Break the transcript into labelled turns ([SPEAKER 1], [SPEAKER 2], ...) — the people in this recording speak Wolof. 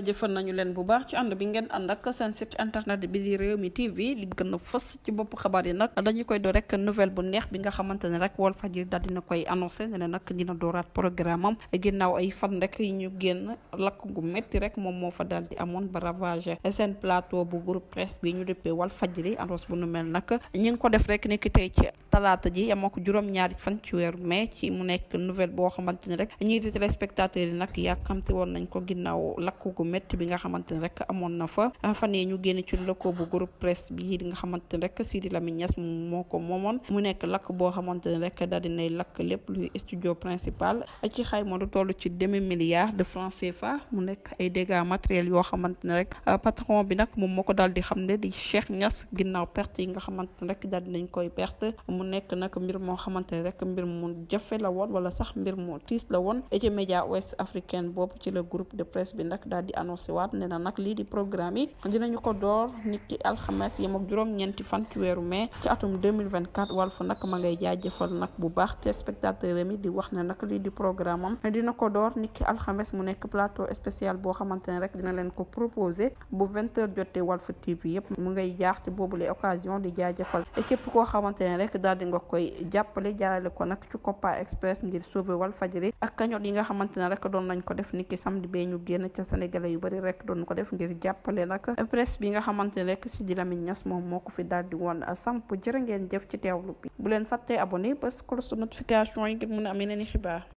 [SPEAKER 1] jëfan nañu leen bu baax ci ànd bi ngeen ànd ak seen site internet bi di réew mi TV li gën a fës ci bopp xabaar yi nag dañu koy door rek nouvelle bu neex bi nga xamante ne rek Walfadjri daal dina koy annoncé ne ne nag dina dooraat programme am ginnaaw ay fan rek yi ñu génn lakk gu métti rek moom moo fa daal di amoon ba ravage seen plateau bu groupe presse bi ñu wal dëppee Walfadjri annonce bu nu mel nag ñu ngi ko def rekk ni ki tey ci talaata ji yamoo ko juróom-ñaari fan ci weeru mai ci mu nekk nouvelle boo xamante ne rek ñii di téléspectateurs yi nag yàkkamti woon nañ ko ginnaaw bu métti bi nga xamante ne rek amoon na fa fan yii ñu génn ci lëkkoo bu groupe presse bi nga xamante rek Sidi Lamine Niass moo ko moomoon mu nekk lakk boo xamante ne rek daal dinay lakk lépp luy studio principal ci ci demi milliard de francs CFA mu nekk ay dégâts matériels yoo xamante ne rek euh, patron bi nag moom moo ko daal di xam ne di Cheikh Niass ginnaaw perte yi nga xamante ne rek daal dinañ koy perte mu nekk nag mbir moo xamante ne rek mbir mu jafe la woon wala sax mbir mu tiis la woon ci média ouest africaine boobu ci la groupe de presse bi nag daal di di annoncé waat ne na nag lii di programme yi dinañu ko door nit ki alxames yem juróom-ñeenti fan weeru mai ci atum 2024 ma ngay jaajëfal nag bu baax te spectateur am di wax ne nag lii di programme am dina ko door nit ki alxames mu nekk plateau spécial boo xamante rek dina leen ko proposé bu 20 heures jotee Walf TV yëpp mu ngay jaax ci boobule occasion di jaajëfal képp koo xamante ne rek daal di nga koy jàppale jaarale ko nag ci Express ngir télé bari rek doon ko def ngir jàppale nag presse bi nga xamante ne rek Sidi Lamine Niass moom moo fi daal di woon samp jërë ngeen jëf ci teewlu bi bu leen fàttee abonné parce que cloche de notification yi ngir mën a am